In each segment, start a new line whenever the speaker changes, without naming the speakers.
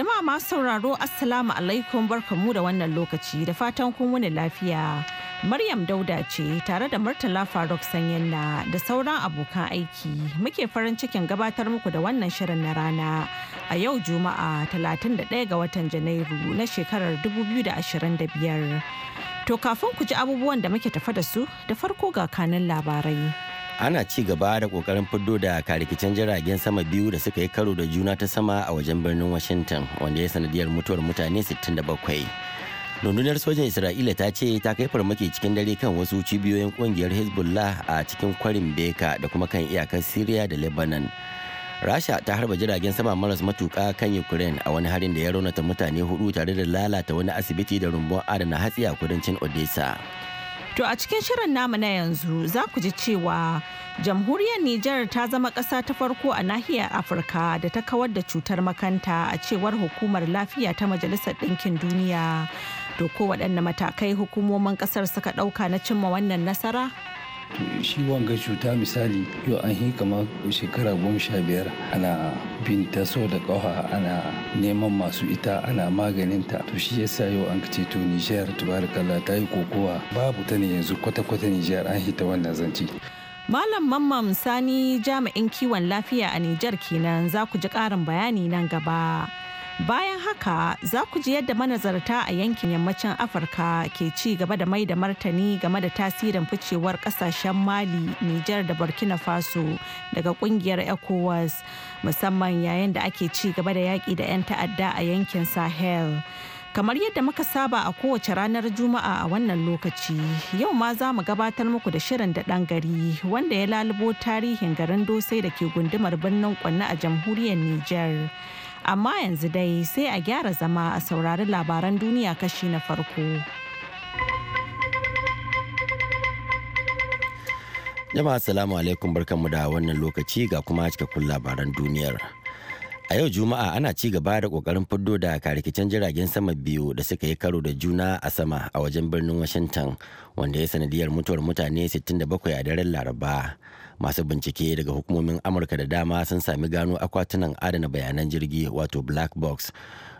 Jama'a masu sauraro Assalamu alaikum barkamu da wannan lokaci da fatan kun wuni lafiya. Maryam Dauda ce tare da Murtala Faruk Sanyanna da sauran abokan aiki muke farin cikin gabatar muku da wannan shirin na rana a yau Juma'a 31 ga watan Janairu na shekarar 2025. To kafin ku ji abubuwan da muke tafa da su da farko ga kanin labarai. ana
ci gaba da kokarin fiddo da karikicen jiragen sama biyu da suka yi karo da juna ta sama a wajen birnin washington wanda ya sanadiyar mutuwar mutane 67 rundunar sojan isra'ila ta ce ta kai farmaki cikin dare kan wasu cibiyoyin kungiyar hezbollah a cikin kwarin beka da kuma kan iyakar syria da lebanon rasha ta harba jiragen sama maras matuka kan ukraine a wani harin da ya raunata mutane hudu tare da lalata wani asibiti da rumbun adana hatsi a kudancin odessa
To a cikin shirin namu na yanzu za ku ji cewa jamhuriyar Nijar ta zama ƙasa ta farko a nahiyar Afirka da ta kawar da cutar makanta a cewar hukumar lafiya ta Majalisar Ɗinkin Duniya. To ko waɗanne matakai hukumomin ƙasar suka ɗauka na cimma wannan nasara?
shi wanga cuta misali yau an yi kamar shekara goma sha biyar ana bin ta so da ƙafa ana neman masu ita ana maganin ta to shi yasa yau an kace to Nijar tubarkala ta yi kokowa babu ta ne yanzu kwata-kwata Nijar an hita wannan zance.
Malam Mamman Sani jami'in kiwon lafiya a Nijar kenan za ku ji ƙarin bayani nan gaba. Bayan haka za ku ji yadda manazarta a yankin yammacin Afirka ke ci gaba da mai da martani game da tasirin ficewar kasashen Mali, Nijar da Burkina Faso daga kungiyar ECOWAS musamman yayin da ake ci gaba da yaƙi da 'yan ta'adda a yankin Sahel. Kamar yadda muka saba a kowace ranar Juma'a a wannan lokaci, yau ma za mu gabatar muku da shirin da ɗan gari wanda ya lalubo tarihin garin Dosai da ke gundumar birnin Kwanne a jamhuriyar Nijar. amma yanzu dai sai a gyara zama a saurari labaran duniya kashi na farko.
Jama'a salamu alaikum barkanmu da wannan lokaci ga kuma cikakkun labaran duniyar. A yau Juma'a ana ci gaba da kokarin fiddo da karikicen jiragen sama biyu da suka yi karo da juna a sama a wajen birnin Washington wanda ya sanadiyar mutuwar mutane 67 a daren Laraba. Masu bincike daga hukumomin Amurka da dama sun sami gano akwatunan adana bayanan jirgi wato black box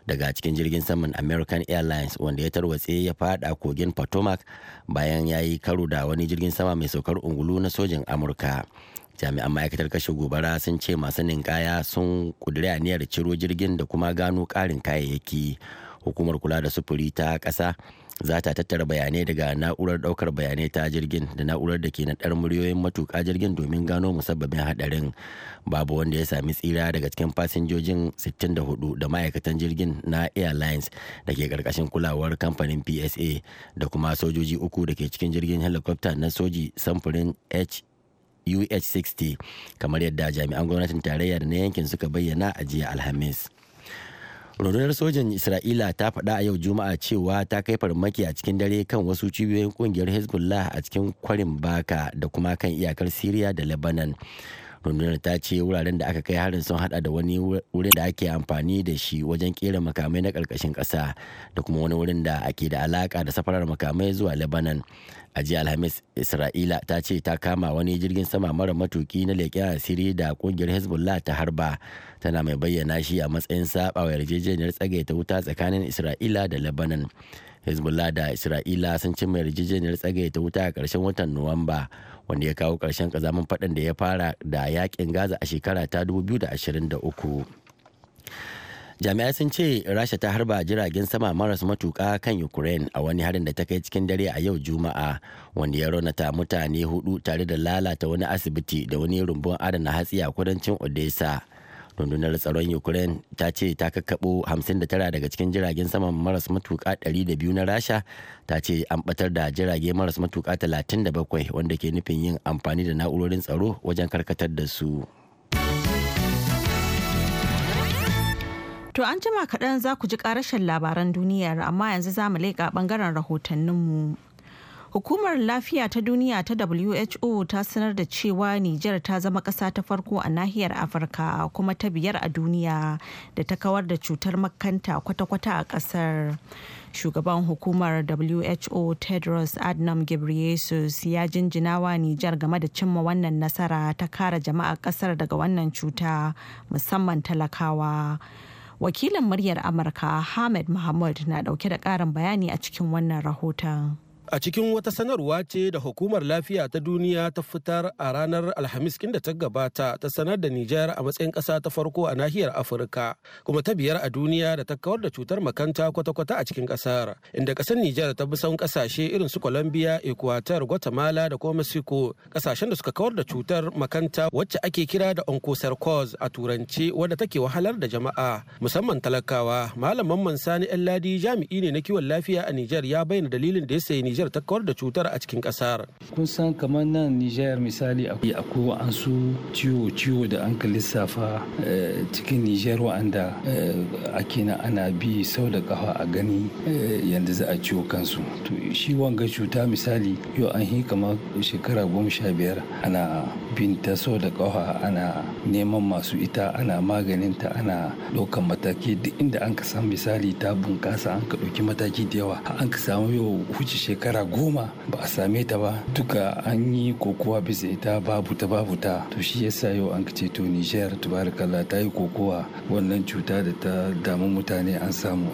daga cikin jirgin saman American Airlines wanda ya tarwatse ya fada kogin Potomac bayan ya yi karo da wani jirgin sama mai saukar ungulu na sojin Amurka. jami'an ma'aikatar kashe gobara sun ce masu ninkaya sun kudiri aniyar ciro jirgin da kuma gano karin kayayyaki hukumar kula da sufuri ta ƙasa za ta tattara bayanai daga na'urar ɗaukar bayanai ta jirgin da na'urar da ke naɗar muryoyin matuƙa jirgin domin gano musabbabin haɗarin babu wanda ya sami tsira daga cikin fasinjojin 64 da ma'aikatan jirgin na airlines da ke ƙarƙashin kulawar kamfanin psa da kuma sojoji uku da ke cikin jirgin helicopter na soji samfurin h uh60 kamar yadda jami'an gwamnatin tarayya da na yankin suka bayyana a jiya alhamis rundunar sojan isra'ila ta faɗa a yau juma'a cewa ta kai farmaki a cikin dare kan wasu cibiyoyin kungiyar hezbollah a cikin kwarin baka da kuma kan iyakar syria da lebanon rundunar ta ce wuraren da aka kai harin sun hada da wani wurin da ake amfani da shi wajen kera makamai na karkashin kasa da kuma wani wurin da ake da alaka da safarar makamai zuwa lebanon a jiya alhamis isra'ila ta ce ta kama wani jirgin sama mara matuki na leƙen asiri da kungiyar hezbollah ta harba tana mai bayyana shi a matsayin saba wa yarjejeniyar tsagaita wuta tsakanin isra'ila da lebanon hezbollah da isra'ila sun cimma yarjejeniyar tsagaita wuta a ƙarshen watan nuwamba wanda ya kawo ƙarshen ƙazamin faɗan da ya fara da yakin gaza a shekara ta 2023 jami'ai sun ce rasha ta harba jiragen sama maras matuka kan ukraine a wani harin da ta kai cikin dare a yau juma'a wanda ya raunata mutane hudu tare da lalata wani asibiti da wani rumbun adana hatsi a kudancin odessa rundunar tsaron ukraine ta ce ta kakkaɓo 59 daga cikin jiragen saman maras matuƙa 200 na rasha ta ce an batar da jirage maras matuƙa 37 wanda ke nufin yin amfani da na'urorin tsaro wajen karkatar da su
To an jima kaɗan za ku ji ƙarashin labaran duniyar amma yanzu za mu leƙa ɓangaren rahotanninmu. mu. Hukumar Lafiya ta Duniya ta WHO ta sanar da cewa Nijar ta zama ƙasa ta farko a nahiyar Afirka kuma ta biyar a duniya da ta kawar da cutar makanta kwata-kwata a ƙasar. Shugaban hukumar WHO Tedros Adnam Ghebreyesus ya jinjinawa Nijar game da cimma wannan nasara ta kara jama'a ƙasar daga wannan cuta musamman talakawa. Wakilin muryar Amurka Ahmed Mahmud na ɗauke da ƙarin bayani a cikin wannan rahoton.
A cikin wata sanarwa ce da Hukumar Lafiya ta Duniya ta fitar a ranar Alhamis da ta gabata ta sanar da Nijar a matsayin ƙasa ta farko a nahiyar Afirka kuma ta biyar a duniya da ta kawar da cutar makanta kwata-kwata a cikin ƙasar inda ƙasar Nijar ta bi saun ƙasashe irin su Colombia, Ecuador, Guatemala da kuma Mexico ƙasashen da suka kawar da cutar makanta wacce ake kira da oncocercosis a turance wadda take wahalar da jama'a musamman talakawa. Malam Mamman Sani Ladi jami'i ne na kiwon lafiya a Nijar ya bayyana dalilin da ya sayi Nijar ta kawar da cutar a cikin kasar.
Kun san kamar nan Nijar misali akwai an su ciwo-ciwo da an ka lissafa eh, cikin Nijar wa'anda eh, ake na ana bi sau da kafa a gani eh, yadda za a ciwo kansu. To shi wanga cuta misali yau an yi kamar shekara goma sha biyar ana bin ta sau da kafa ana neman masu ita ana maganin ta ana ɗaukan mataki duk inda an ka san misali ta bunƙasa an ka ɗauki mataki da yawa an ka samu yau huce shekara shekara goma ba a same ta ba duka an yi kokowa bisa ita babu ta babu ta to shi yasa yau an ce to Niger tubarakalla ta yi kokowa wannan cuta da ta damu mutane an samu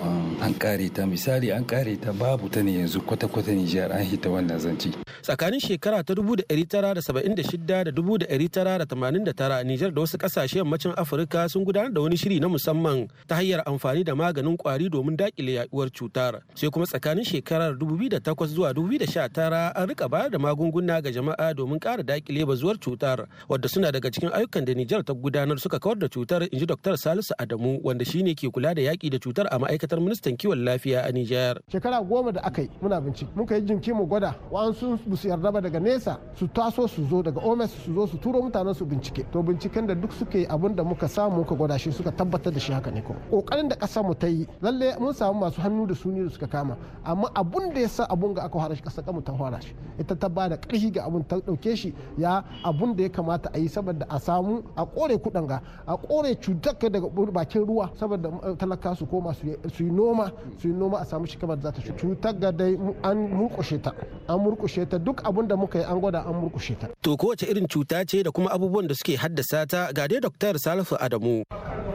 an kare ta misali an kare ta babu ta ne yanzu kwata-kwata Niger an hita wannan zanci.
Tsakanin shekara ta 1976 da 1989 Niger da wasu kasashe yammacin Afirka sun gudanar da wani shiri na musamman ta hanyar amfani da maganin kwari domin dakile yaduwar cutar. Sai kuma tsakanin shekarar 2008 zuwa zuwa 2019 an rika bayar da magunguna ga jama'a domin kara dakile bazuwar cutar wadda suna daga cikin ayyukan da Nijar ta gudanar suka kawar da cutar in ji Dr. Salisu Adamu wanda shine ke kula da yaki da cutar a ma'aikatar ministan kiwon lafiya a Nijar.
Shekara goma da aka yi muna bincike muka yi jinki mu gwada wa'ansu ba su yarda ba daga nesa su taso su zo daga OMS su zo su turo mutanen su bincike to binciken da duk suke abin da muka samu muka gwada shi suka tabbatar da shi haka ne ko kokarin da kasa mu ta yi lalle mun samu masu hannu da suni da suka kama amma abun da ya sa abun ga aka ka shi ƙasar ta fara shi ita ta ba da ƙarfi ga abun ta ɗauke shi ya abun da ya kamata a yi saboda a samu a kore kuɗin ga a kore cutar daga bakin ruwa saboda eh, talaka su koma su yi noma su yi noma a samu shi kamar za ta cutar ga dai an murƙushe ta an murƙushe ta duk abun da muka yi an gwada an murƙushe ta.
to kowace irin cuta ce da kuma abubuwan da suke haddasa ta ga dai dr salifu adamu.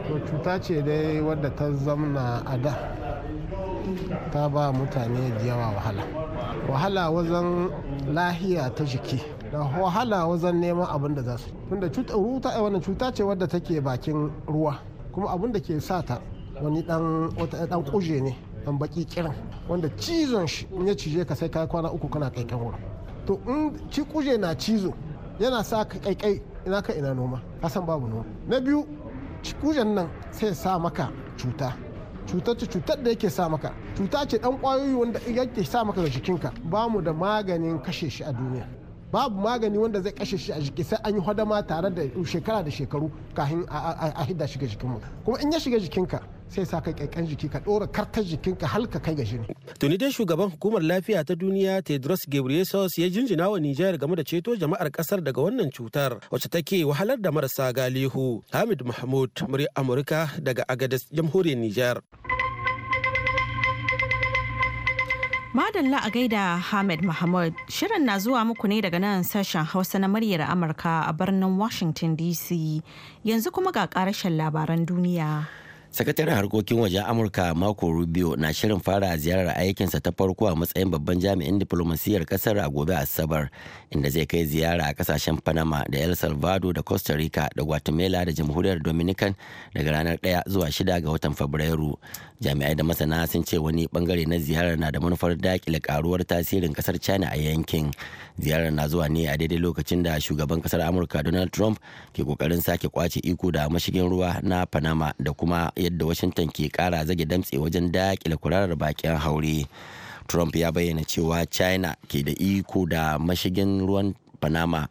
to cuta ce dai wadda ta zamna a da ta ba mutane da yawa wahala wahala wajen lahiya ta jiki da wahala wajen neman abin da za su tunda cuta wannan cuta ce wadda take bakin ruwa kuma abin da ke sa ta wani dan wata dan kuje ne dan baki kiran wanda cizon shi in ya cije ka sai ka kwana uku kana kaikan wurin to in ci kuje na cizo yana sa ka kaikai ina ka ina noma kasan babu noma na biyu kujen nan sai sa maka cuta cutar ce cutar da yake sa maka cuta ce dan kwayoyi wanda yake sa maka ga jikinka ba mu da maganin kashe shi a duniya babu magani wanda zai kashe shi a jiki sai an yi hadama tare da shekara da shekaru kafin a hidda shiga jikinmu kuma in ya shiga jikinka sai sa kai kyakkyan jiki ka ɗora kartar jikinka ka halka kai ga
Tuni dai shugaban hukumar lafiya ta duniya Tedros Ghebreyesus ya jinjina wa Nijar game da ceto jama'ar kasar daga wannan cutar wacce take wahalar da marasa galihu. Hamid Mahmud, murya Amurka daga agadas Jamhuriyar Nijar.
Madalla a gaida Hamid Mahmud shirin na zuwa muku ne daga nan sashen Hausa na muryar Amurka a birnin Washington DC yanzu kuma ga karashen labaran duniya.
sakataren harkokin wajen amurka mako rubio na shirin fara ziyarar aikinsa ta farko a matsayin babban jami'in diplomasiyyar kasar a gobe asabar inda zai kai ziyara a kasashen panama da el salvador da costa rica da guatemala da jamhuriyar dominican daga ranar 1 zuwa shida ga watan fabrairu jami'ai da masana sun ce wani bangare na ziyarar na da manufar dakile karuwar tasirin kasar china a yankin ziyarar na zuwa ne a daidai lokacin da shugaban kasar amurka donald trump ke kokarin sake kwace iko da mashigin ruwa na panama da kuma yadda washington ke kara zage damtse wajen dakile kurarar bakin haure trump ya bayyana cewa china ke da iko da mashigin ruwan panama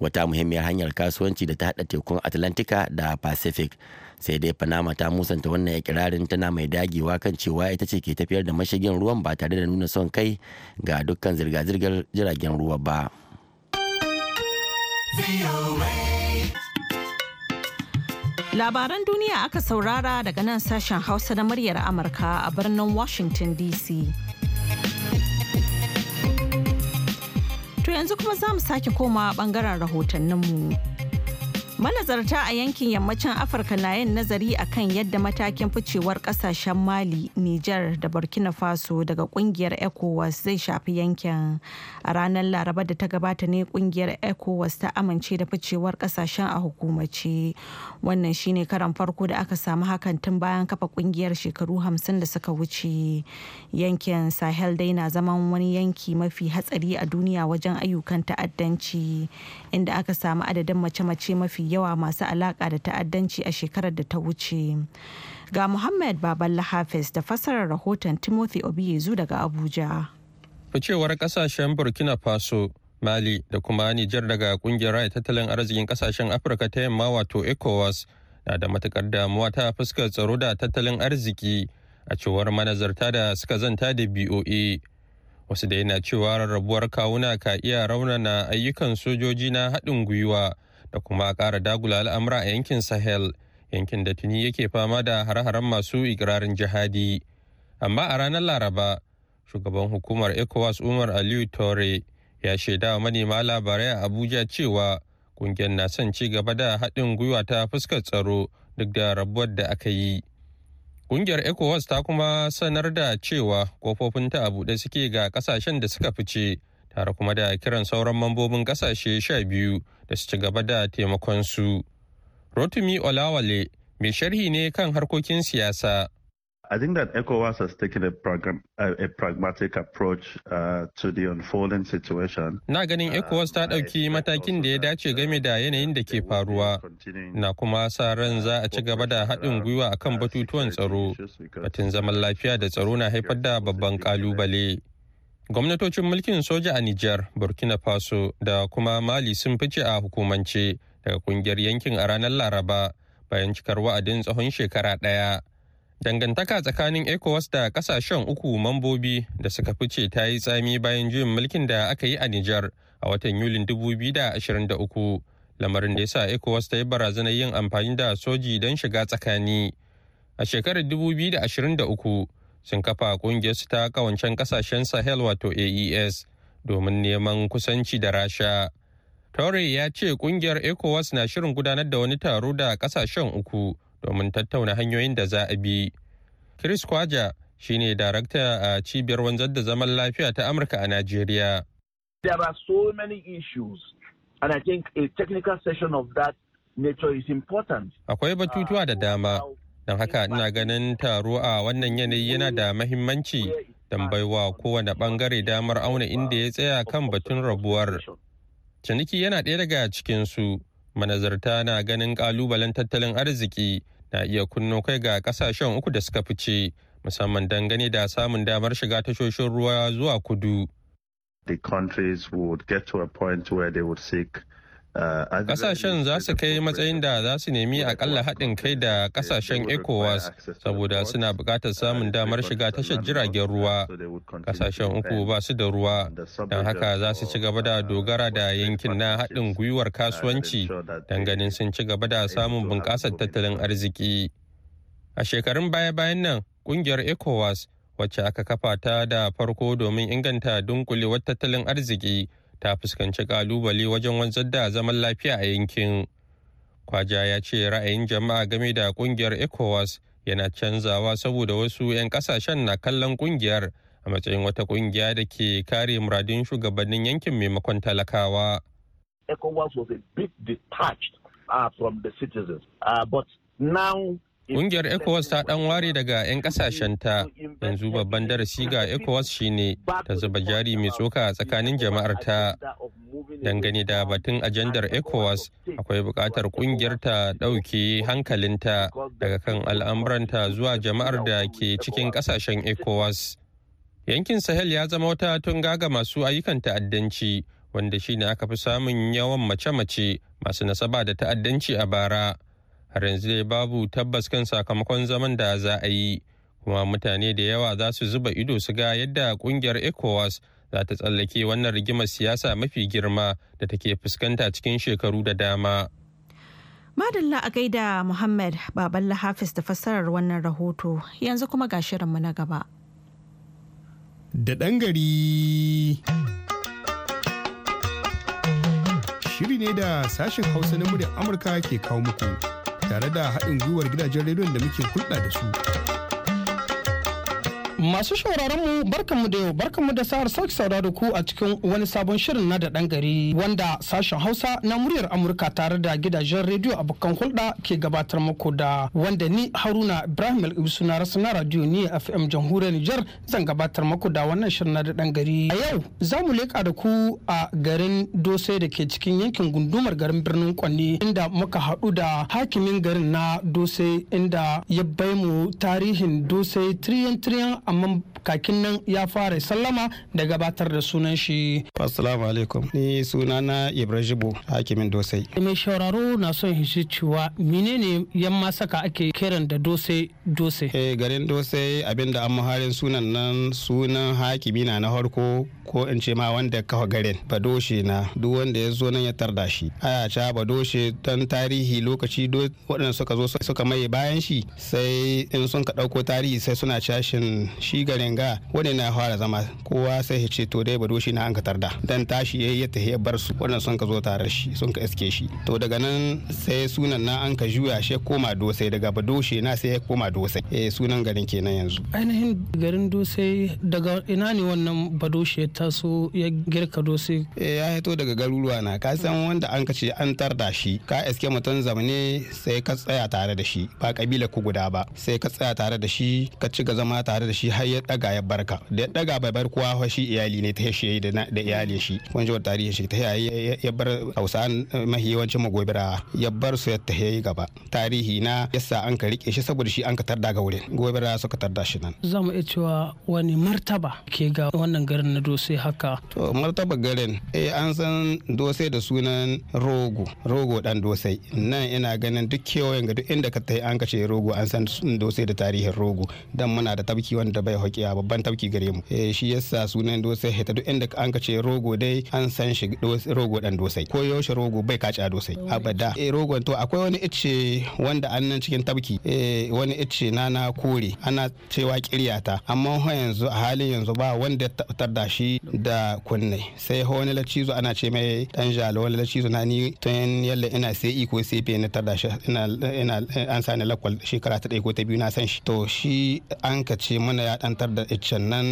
wata muhimmiyar hanyar kasuwanci da ta hada tekun atlantika da pacific sai dai panama ta musanta wannan ikirarin tana mai dagewa kan cewa ita ce ke tafiyar da mashigin ruwan ba tare da nuna son kai ga dukkan zirga-zirgar jiragen ruwa ba.
Labaran duniya aka saurara daga nan sashen Hausa na muryar Amurka a birnin Washington DC. To yanzu kuma za mu sake koma bangaren rahotanninmu. Manazarta a yankin yammacin Afirka na yin nazari a kan yadda matakin ficewar kasashen Mali, Nijar da Burkina Faso daga kungiyar ECOWAS zai shafi yankin. A ranar Laraba da ta gabata ne kungiyar ECOWAS ta amince da ficewar kasashen a hukumace. Wannan shine karan farko da aka samu hakan tun bayan kafa kungiyar shekaru hamsin da suka wuce. Yankin Sahel dai na zaman wani yanki mafi hatsari a duniya wajen ayyukan ta'addanci, inda aka samu adadin mace-mace mafi yawa masu alaka da ta'addanci a shekarar da ta wuce ga muhammad baballa hafiz da fassarar rahoton timothy obiezu daga abuja
ficewar kasashen burkina faso mali da kuma nijar daga kungiyar rai tattalin arzikin kasashen afirka ta yamma wato ecowas na da matukar damuwa ta fuskar tsaro da tattalin arziki a cewar manazarta da suka zanta da boa wasu da yana cewa rarrabuwar kawuna ka iya raunana ayyukan sojoji na haɗin gwiwa da kuma ƙara dagula al'amura a yankin Sahel, yankin da tuni yake fama da hare-haren masu ikirarin jihadi. Amma a ranar Laraba, shugaban hukumar ECOWAS Umar Aliyu Tore ya shaida wa manema labarai a Abuja cewa kungiyar na son ci gaba da haɗin gwiwa ta fuskar tsaro duk da rabuwar da aka yi. Kungiyar ECOWAS ta kuma sanar da cewa ta a buɗe suke ga ƙasashen da suka fice, tare kuma da kiran sauran mambobin ƙasashe sha biyu da su ci gaba da taimakon su. Rotumi Olawale mai sharhi ne kan harkokin siyasa. I think that ECOWAS has taken a, program, a pragmatic approach uh, to the unfolding situation. Na ganin uh, ECOWAS ta ɗauki matakin da ya dace uh, game da yanayin da ke faruwa, na kuma sa ran za a ci uh, gaba da haɗin gwiwa akan batutuwan tsaro, batun zaman lafiya da tsaro na haifar da babban ƙalubale. gwamnatocin mulkin soja a Nijar, Burkina Faso da kuma Mali sun fice a hukumance daga kungiyar yankin a ranar Laraba bayan cikar wa'adin tsawon shekara ɗaya. Dangantaka tsakanin ECOWAS da kasashen uku mambobi da suka fice ta yi tsami bayan juyin mulkin da aka yi a Nijar a watan Yulin 2023, lamarin da ya sa ECOWAS ta yi barazanar yin amfani da soji don shiga tsakani. A shekarar 2023, sun kafa kungiyar su ta kawancen kasashen sahel wato aes domin neman kusanci da rasha taure ya ce kungiyar ecowas na shirin gudanar da wani taro da kasashen uku domin tattauna hanyoyin da za a bi chris kwaja shine darakta a cibiyar wanzar da zaman lafiya ta amurka a najeriya akwai batutuwa da dama don haka ina ganin taro a wannan yanayi yana da mahimmanci don baiwa kowane bangare damar auna inda ya tsaya kan batun rabuwar ciniki yana ɗaya daga cikinsu manazarta na ganin kalubalen tattalin arziki na iya kunno kai ga kasashen uku da suka fice musamman dangane da samun damar shiga tashoshin ruwa zuwa kudu. The countries would get to a point where they would seek Kasashen ah, za su kai matsayin da za su nemi akalla haɗin kai da kasashen ECOWAS saboda suna buƙatar ah, samun damar shiga tashar jiragen ruwa. Kasashen uku ba su da ruwa, don haka za su ci gaba da uh, dogara da yankin na haɗin gwiwar ah, kasuwanci don ganin sun ci gaba da samun bunƙasar tattalin arziki. A shekarun baya-bayan nan, ƙungiyar ECOWAS wacce aka kafa ta da farko domin inganta dunkulewar tattalin arziki. ta fuskanci kalubale wajen wanzar da zaman lafiya a yankin kwaja ya ce ra'ayin jama'a game da kungiyar ecowas yana canzawa saboda wasu 'yan kasashen na kallon kungiyar a matsayin wata kungiya da ke kare muradun shugabannin yankin maimakon talakawa ecowas was a bit detached
uh, from the citizens
uh, but now Ƙungiyar ECOWAS ta ɗan ware daga 'yan ƙasashenta yanzu babban darasi ga ECOWAS shine ta zuba jari mai tsoka tsakanin jama'ar ta. Dangane da batun ajandar ECOWAS akwai buƙatar ƙungiyar ta ɗauke hankalinta daga kan al'amuranta zuwa jama'ar da ke cikin ƙasashen ECOWAS. Yankin Sahel ya zama wata tunga ga masu ayyukan ta'addanci wanda shine aka fi samun yawan mace-mace masu nasaba da ta'addanci a bara. har yanzu dai babu tabbas kan sakamakon zaman da za a yi kuma mutane da yawa za su zuba ido su ga yadda kungiyar ecowas za ta tsallake wannan rigimar siyasa mafi girma da take fuskanta cikin shekaru da dama
madalla a gaida muhammad baballa hafiz da fassarar wannan rahoto yanzu kuma ga shirinmu na gaba
da ɗan gari shiri ne da sashen hausa na muryar amurka ke kawo muku tare da haɗin gwiwar gidajen rediyon da muke hulɗa da su.
Masu shauraron mu barkanmu da yau barkanmu da sa'ar sauki saura ku a cikin wani sabon shirin na da dan gari wanda sashen Hausa na muryar Amurka tare da gidajen rediyo abokan hulɗa ke gabatar muku da wanda ni Haruna Ibrahim Al'isu na rasu na radio ni FM jamhuriyar Nijar zan gabatar muku da wannan shirin na da dan gari. A yau za mu leƙa da ku a garin Dose da ke cikin yankin gundumar garin birnin Kwanni inda muka haɗu da hakimin garin na Dose inda ya bai mu tarihin Dose tiriyan tiriyan amma kakin nan ya fara sallama da gabatar da sunan shi
assalamu alaikum ni na
ibrahimu hakimin dosai mai shauraro na son shi cewa menene yamma saka ake kiran da dosai dosai. eh garin
dose abinda an muharin sunan nan sunan hakimi na na harko ko in ce ma wanda kawa garin badoshe na duk wanda ya zo nan ya tarda shi aya ca badoshe dan tarihi lokaci waɗanda suka zo suka mai bayan shi sai in sun ka ɗauko tarihi sai suna cashin shi garin ga wani na fara zama kowa sai ya ce to dai bado shi na an ka tarda dan tashi yayi ya tafi bar su wannan sun ka zo tare shi sun ka iske shi to daga nan sai sunan na an ka juya shi koma dosai daga bado shi na sai ya koma dosai eh sunan garin kenan yanzu
ainihin garin dosai daga ina ne wannan bado shi ya taso ya girka dosai
eh ya hito daga garuruwa na ka san wanda an ka ce an tarda shi ka iske mutum zamane sai ka tsaya tare da shi ba kabila ku guda ba sai ka tsaya tare da shi ka ci ga zama tare da shi shi har ya daga ya barka da ya daga bai bar kowa shi iyali ne ta shi da iyali shi wani wata tarihi shi ta yayi ya bar hausa eh, mahi yawancin magobira ya bar su ya ta yayi gaba tarihi na yasa an ka rike shi saboda shi an ka tarda ga wurin gobira suka tarda shi nan
za mu iya cewa wani martaba ke ga wannan garin na dose haka
to martaba garin eh an san dose da sunan rogo rogo dan dose nan ina ganin duk kewayen ga duk inda ka ta an ka ce rogo an san dose da tarihin rogo dan muna da tabki wanda da bai a babban tauki gare mu eh, shi yasa sunan dosai hita duk inda an ka ce rogo dai an san shi rogo dan dosai ko yaushe rogo bai kaci a dosai abada eh rogon to akwai wani ice wanda an nan cikin tabki eh, wani ice na na kore ana cewa kiryata amma ho yanzu a halin yanzu ba wanda tabbatar da shi da kunne sai ho wani lacizo ana ce mai dan jalo wani lacizo na ni tun yalla ina sai e ko sai fe na tarda shi ina an sani lakwal shekara ta ɗaya ko ta biyu na san shi to shi an ka ce mana ya dantar da iccen nan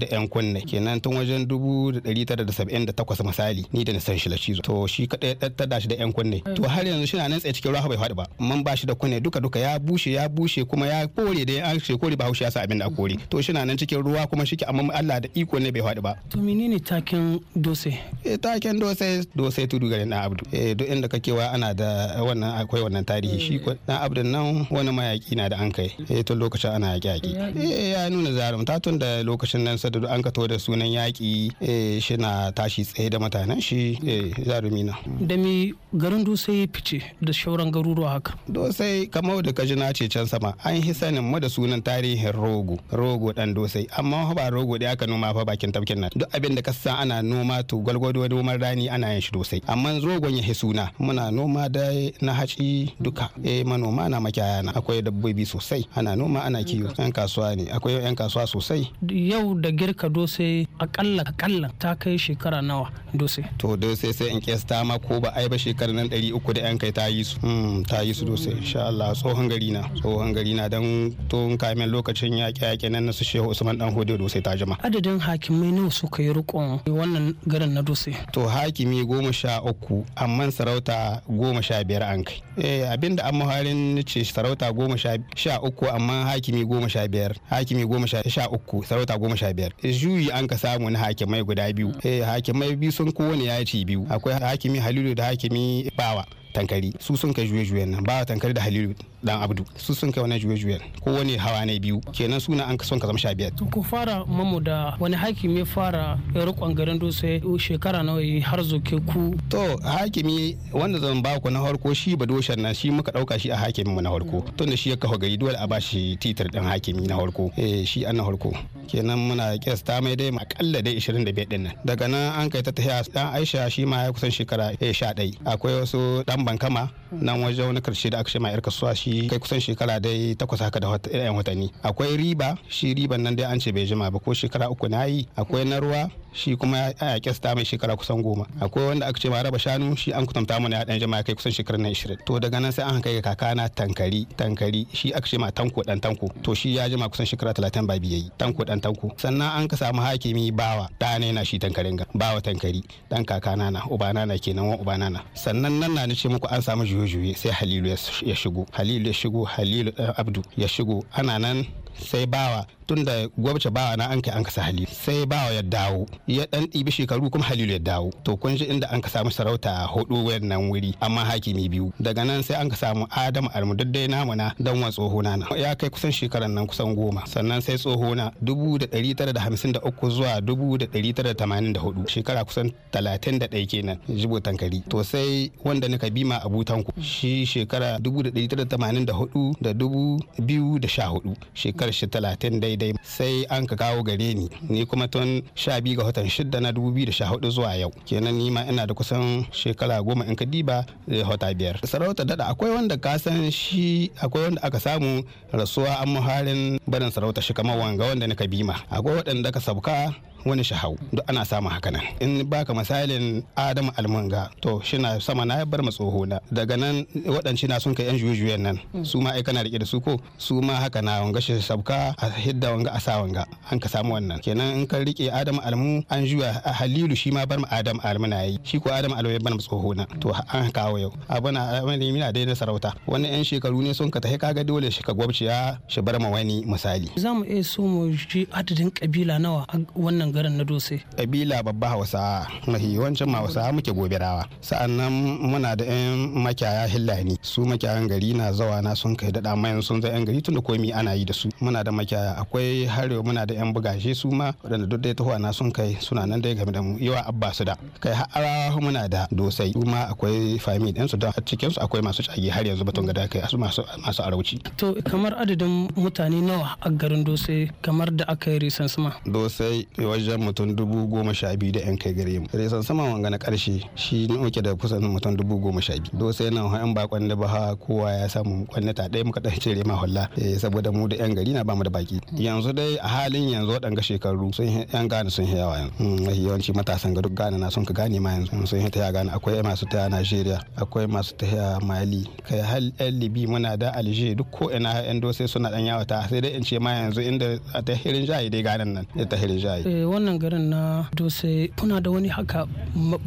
da 'yan kunne kenan tun wajen 1978 misali ni da nisan shi la cizo to shi kaɗai dantar da shi da 'yan kunne mm. to har yanzu shi na nan tsaye cikin ruwa bai faɗi ba man ba shi da kunne duka duka ya bushe ya bushe kuma ya kore da an shi kore ba haushi ya sa abin da kore to shi na nan cikin ruwa kuma shi ke amma Allah da iko ne bai faɗi ba
to menene taken dose eh taken dose
dose tudu garin dan abdu eh duk inda kake wa ana da wannan akwai wannan tarihi shi dan mm. abdu nan wani mayaki na da an kai eh tun lokacin ana yaki yaki eh ya nuna zarum ta tun da lokacin nan sadadu an kato da sunan yaƙi eh, shi na tashi tsaye da mutanen shi zarumi eh, na.
Da mi garin dusai ya fice da shauran garuruwa haka.
Dosai kamar da kaji na ce can sama an yi sanin mu da sunan tarihin rogo rogo dan dosai amma ba rogo da aka noma fa bakin tafkin nan duk abin da ka kasa ana noma to gwalgwado noman rani ana yin shi dosai amma rogon ya hi suna muna noma da na haci duka eh manoma na makiyaya na akwai dabbobi sosai ana noma ana kiwo yan kasuwa ne akwai 'yan kasuwa sosai
yau da girka dose akalla akalla ta kai shekara nawa dose
to dose sai in kesta ma ko ba ai ba shekarar nan ɗari uku da 'yan kai ta yi su hmm, ta yi su dose insha Allah tsohon gari na tsohon gari na dan tun kamin lokacin yaƙe-yaƙe nan na su shehu usman dan hodo dose ta jima
adadin hakimai nawa suka yi rukun wannan garin na dose
to hakimi goma sha uku amma sarauta goma sha biyar an kai eh abinda an ni ce sarauta goma sha uku amma hakimi goma sha biyar hakimi goma goma sha uku sarauta goma sha biyar juyi an ka samu na hakimai guda biyu eh, hakimai biyu sun kowane ya ci biyu akwai hakimi halilu da hakimi bawa tankari su sun kai juye juyen nan ba tankari da halilu dan abdu su sun kai wani juye juyen ko wani hawa na biyu kenan suna an son ka zama sha biyar.
ku fara mamu da wani hakimi fara rikon garin dutse shekara nawa har zuke ku.
to hakimi wanda zan ba ku na farko shi ba doshan nan shi muka dauka shi a hakimin mu na farko tunda shi ya kafa gari dole a bashi titar dan hakimi na farko eh shi an na farko kenan muna kiyasta mai dai akalla dai 25 din nan daga nan an kai ta tahiya dan aisha shi ma ya kusan shekara 11 eh, akwai wasu dan kan bankama nan waje wani karshe da aka shema yar kasuwa shi kai kusan shekara dai takwas haka da yan eh, watanni akwai riba shi riban nan dai an ce bai jima ba ko shekara uku na yi akwai na ruwa shi kuma ya kyasta mai shekara kusan goma akwai wanda aka ce ma raba shanu shi an kutamta mana ya dan jama'a kai kusan shekara na ishirin to daga nan sai an kai ga kakana tankari tankari shi aka ce ma tanko dan tanko to shi ya jima kusan shekara talatin ba biyayi tanko dan tanko sannan an ka samu hakimi bawa ɗana na shi tankarin ga bawa tankari dan kakana na ubana na kenan wa ubana na sannan nan na nace muku an samu juye-juye sai halilu ya shigo halilu ya shigo halilu eh, abdu ya shigo ana nan sai bawa tun da gwabce ba na an kai an kasa halilu sai bawa ya dawo ya dan ɗibi shekaru kuma halilu ya dawo to kun ji inda an ka samu sarauta hudu wannan wuri amma hakimi biyu daga nan sai an ka samu adamu almudaddai namu na dan wa tsohona na ya kai kusan shekaran nan kusan goma sannan sai tsohona dubu da ɗari tara da hamsin da uku zuwa dubu da ɗari tara da tamanin da hudu shekara kusan talatin da ɗaya kenan jibo tankari to sai wanda nika bima abu tanku shi shekara dubu da ɗari tara da tamanin da hudu da dubu biyu da sha hudu shekarar shi talatin dai daidai sai an ka kawo gare ni ni kuma tun sha biyu ga watan shidda na dubu biyu da sha hudu zuwa yau kenan ni ma ina da kusan shekara goma in ka diba zai eh, hota biyar sarauta dada akwai wanda ka san shi akwai wanda aka samu rasuwa an muharin barin sarauta shi kamar wanga wanda nika bima akwai waɗanda ka sauka. wani shahau duk ana samun haka nan in baka misalin adam almanga to shi na sama na bar ma tsoho na daga nan waɗanci na sun kai yan jujuyen nan mm. su ma ai kana rike da su ko su ma haka na wanga shi sabka a hidda wanga a sa wanga an ka samu wannan kenan in ka rike adam almu an juya halilu shi ma bar ma adam almu na yi shi ko adam almu ya bar ma tsoho na to an kawo yau abana wani mina dai na sarauta wani yan shekaru ne sun ka tahi kaga dole shi ka gwabciya shi bar ma wani misali
za mu iya so mu ji adadin kabila nawa wannan bangaren na dose
kabila babba hausa mahi wancan ma hausa muke gobe gobirawa sa'annan muna da yan makiyaya hillani su makiyayan gari na zawa na sun kai da mayan sun zai yan gari tunda komi ana yi da su muna da makiyaya akwai harewa muna da yan bugashe su ma wadanda duk dai tahowa na sun kai suna nan dai game da mu yawa abba su da kai har muna da dosai su ma akwai fami ɗin su don cikin su akwai masu cage har yanzu batun gada kai su masu masu arauci
to kamar adadin mutane nawa a garin dose kamar da aka yi risan risansuma
dosai wajen mutum dubu goma sha biyu da yan kai gare mu resan sama wanga na karshe shi ne ɗauke da kusan mutum dubu goma sha biyu dole sai nan ha'in ba kwanne ba ha kowa ya samu kwanne ta ɗaya muka ɗauke rema holla eh, saboda mu da yan gari na bamu da baki yanzu dai a halin yanzu waɗanga shekaru sun yan gane sun yawa yanzu hmm, yawanci matasan ga duk gane na sun ka gane ma yanzu hmm, sun ta ya gane akwai masu ta Najeriya akwai masu ta Mali kai hal ɗan libi muna da Alger duk ko ina yan dose suna dan yawata sai dai in ce ma yanzu inda a tahirin jayi dai ganin nan ta tahirin jayi
eh, wannan garin na dose kuna da wani haka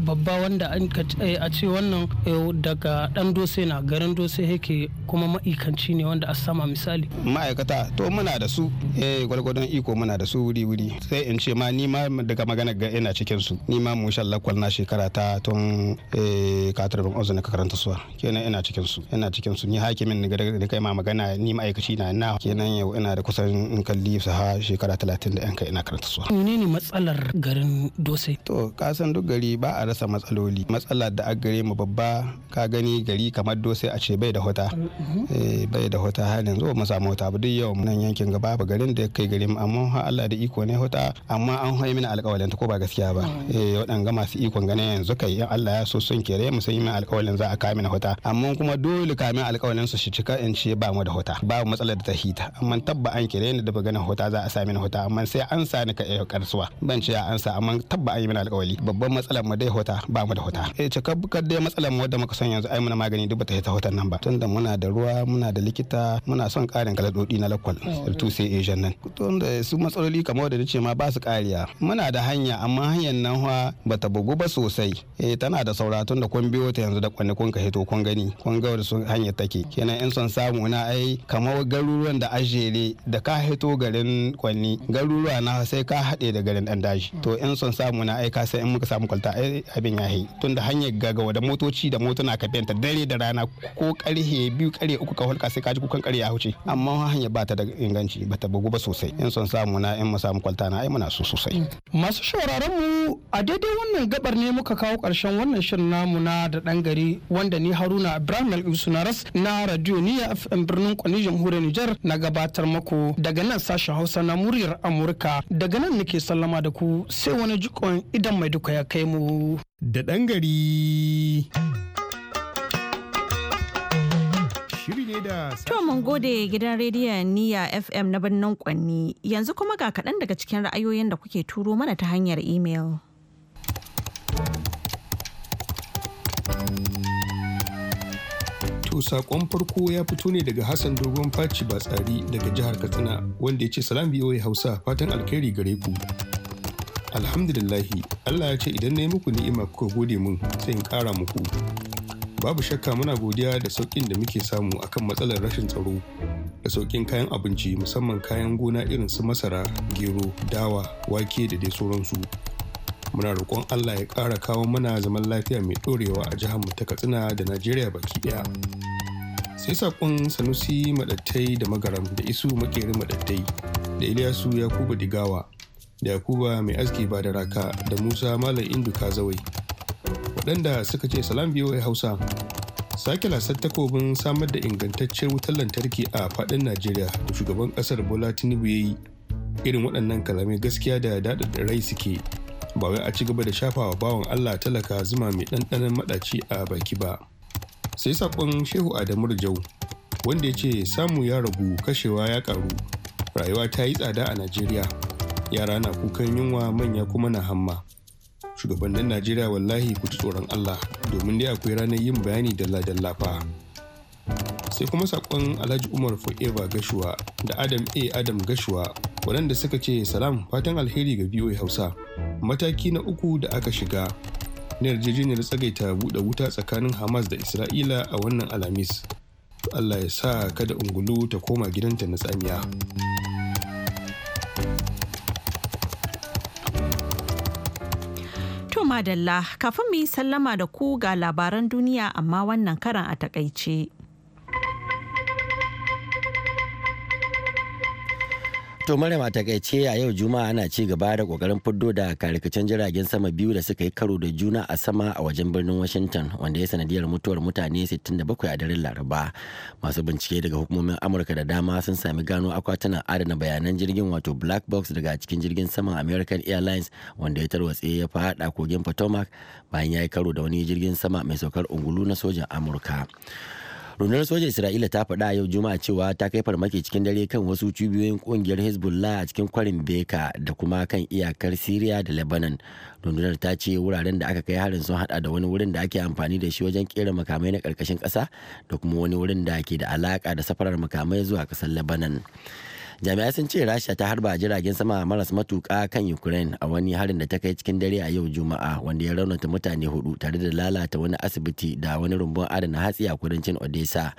babba wanda eh, a ce wannan eh, daga dan dose na garin dose yake kuma ma'ikanci ne wanda a sama misali
ma'aikata to muna da su eh gwargwadon iko muna da su wuri wuri sai in ce ma ni ma daga magana ga ina cikin su ni ma mu lakwal kwal na shekara ta tun eh, katar ban ozo na karanta suwa kenan ina cikin su ina cikin su ni hakimin da kai ma magana ni ma'aikaci na na kenan yau ina da kusan in kalli su ha shekara 30 da yan kai ina karanta suwa
menene matsalar garin dose to kasan
duk gari ba a rasa matsaloli matsalar da a gare mu babba ka gani gari kamar dose a ce bai da hota mm-hmm. eh, bai da hota har yanzu mu samu hota ba duk yau nan yankin gaba ba garin da kai gari amma ha Allah da iko ne hota amma an hoye mini alƙawalin ta ko ba gaskiya ba mm. eh waɗanga masu ikon ganin yanzu kai Allah ya so sun kere mu sun mini alƙawalin za a kawo mini hota amma kuma dole kamin alƙawalin su shi cika in ce ba mu da hota ba matsalar da ta hita amma tabba an kere ni da bagana hota za a sa mini hota amma sai an sa ni ka karsuwa ba ban ce an sa amma tabba an yi mana alƙawari babban matsalar mu dai hota ba mu da hota eh cikakkar dai matsalar mu wadda muka son yanzu ai muna magani duk bata yi ta hotan nan ba tunda muna da ruwa muna da likita muna son karin kaladodi na lakwal to sai asian nan tunda su matsaloli kamar da nace ma ba su kariya muna da hanya amma hanyar nan fa bata bugu ba sosai eh tana da saura tunda kun biyo ta yanzu da kwanne kun ka hito kun gani kun ga sun hanyar take kenan in son samu na ai kamar garuruwan da ajere da ka hito garin kwanni garuruwa na sai ka haɗe da garin dan daji to in son samu na aika sai in muka samu kwalta abin ya yi tunda hanyar gagawa da motoci da motuna ka benta dare da rana ko karhe biyu karhe uku ka hulka sai ka ji kukan kare ya huce amma hanyar ba ta da inganci ba ta bugu ba sosai in son samu na in mu samu kwalta na ai muna so sosai
masu shawararren mu a daidai wannan gabar ne muka kawo karshen wannan shirin namu na da dan gari wanda ni Haruna Ibrahim Al-Usunaras na Radio Niya FM birnin Kwani Jamhuriyar Nijar na gabatar muku daga nan sashen Hausa na muryar Amurka daga nan nake sallama sallama da ku sai wani jikon idan mai duka ya kai mu. Da ɗan gari.
To mun gode gidan rediyon Niya FM na birnin Kwanni yanzu kuma ga kaɗan daga cikin ra'ayoyin da kuke turo mana ta hanyar imel.
To saƙon farko ya fito ne daga Hassan Dogon Faci Batsari daga jihar Katsina wanda ya ce salam biyoyi Hausa fatan alkhairi gare ku. alhamdulillahi allah ya ce idan na yi muku ni'ima kuka gode mun sai in ƙara muku babu shakka muna godiya da saukin da muke samu akan matsalar rashin tsaro da sauƙin kayan abinci musamman kayan gona irin su masara gero dawa wake da dai sauransu muna roƙon allah ya ƙara kawo mana zaman lafiya mai ɗorewa a jihar mu ta katsina da najeriya baki ɗaya sai saƙon sanusi maɗattai da magaram da isu makeri maɗattai da iliyasu yakubu digawa da yakuba mai aski ba da raka da musa malam indu kazawai waɗanda suka ce salam biyo hausa sake lasar takobin samar da ingantaccen wutar lantarki a faɗin najeriya da shugaban ƙasar bola tinubu ya yi irin waɗannan kalamai gaskiya da daɗaɗa rai suke ba wai a ci gaba da shafawa bawan allah talaka zuma mai ɗanɗanon maɗaci a baki ba sai saƙon shehu adamu jau wanda ya ce samu ya ragu kashewa ya ƙaru rayuwa ta yi tsada a najeriya yara na kukan yunwa manya kuma na hamma shugabannin najeriya wallahi ku ji tsoron allah domin dai akwai ranar yin bayani da dalla fa sai kuma sakon alhaji umar forever gashuwa da adam a adam gashuwa waɗanda suka ce salam fatan alheri ga voa hausa mataki na uku da aka shiga na yarjejeniyar tsagaita buɗe wuta tsakanin hamas da isra'ila a wannan alamis allah ya sa kada ungulu ta koma gidanta na tsamiya
madalla kafin mu yi sallama da ku ga labaran duniya amma wannan karan a takaice.
To Maryam a takaice a yau Juma'a ana ci gaba da kokarin fiddo da karikacin jiragen sama biyu da suka yi karo da juna a sama a wajen birnin Washington wanda ya sanadiyar mutuwar mutane 67 a daren Laraba. Masu bincike daga hukumomin Amurka da dama sun sami gano akwatunan adana bayanan jirgin wato black box daga cikin jirgin sama American Airlines wanda ya tarwatse ya fada kogin Potomac bayan ya yi karo da wani jirgin sama mai saukar ungulu na sojan Amurka. rundunar sojan isra'ila ta faɗa yau juma'a cewa ta kai farmaki cikin dare kan wasu cibiyoyin kungiyar hezbollah a cikin kwarin beka da kuma kan iyakar syria da lebanon rundunar ta ce wuraren da aka kai harin sun hada da wani wurin da ake amfani da shi wajen kera makamai na karkashin kasa da kuma wani wurin da ke da alaka da safarar makamai zuwa ƙasar lebanon jami'ai sun ce rasha ta harba jiragen sama maras matuka kan ukraine a wani harin da ta kai cikin dare a yau juma'a wanda ya raunata mutane hudu tare da lalata wani asibiti da wani rumbun adana hatsi a kudancin odessa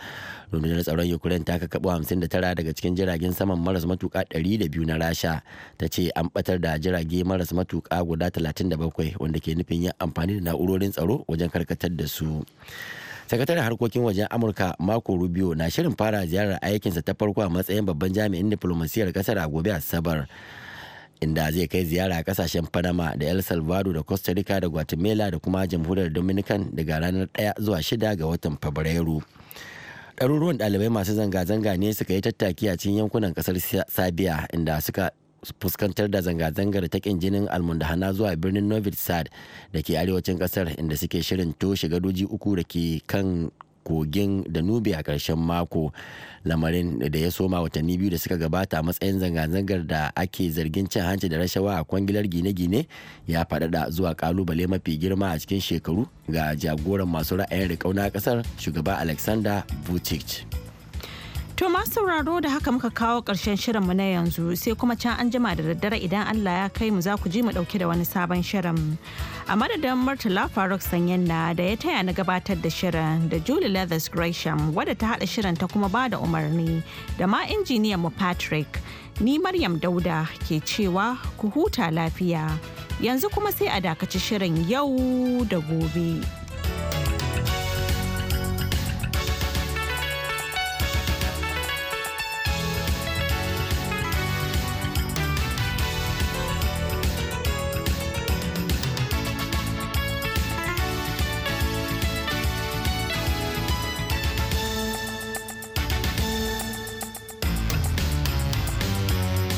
rundunar tsaron ukraine ta kakabo 59 daga cikin jiragen saman maras matuka biyu na rasha ta ce an batar da jirage maras matuka guda 37 wanda ke nufin yin amfani da na'urorin tsaro wajen karkatar da su sakataren harkokin wajen amurka mako rubio na shirin fara ziyarar aikinsa ta farko a matsayin babban jami'in diplomasiyar kasar a gobe asabar inda zai kai ziyara a kasashen panama da el salvador da costa rica da guatemala da kuma jamhuriyar dominican daga ranar 1 zuwa shida ga watan fabrairu ɗaruruwan ɗalibai masu zanga-zanga ne suka yi tattaki a cikin yankunan kasar Sabia, inda suka fuskantar da zanga-zangar ta kin jinin almundahana zuwa birnin novit sad da ke arewacin kasar inda suke shirin toshe gadoji uku da ke kan kogin danubi a karshen mako lamarin da ya soma watanni biyu da suka gabata matsayin zanga-zangar da ake zargin cin hanci da rashawa a kwangilar gine-gine ya faɗaɗa zuwa kalubale mafi girma a cikin shekaru ga jagoran masu ra'ayin da na ƙasar shugaba alexander vucic
To masu sauraro da haka muka kawo ƙarshen shirinmu na yanzu sai kuma can an jima da daddare idan Allah ya kai mu za ku ji mu ɗauke da wani sabon shirin. A madadin Murtala Faruk na da ya taya na gabatar da shirin da Julie Leathers Gresham wadda ta haɗa shirin ta kuma da umarni da ma injiniyan mu Patrick. Ni Maryam Dauda ke cewa ku huta lafiya. Yanzu kuma sai a dakaci shirin yau da gobe.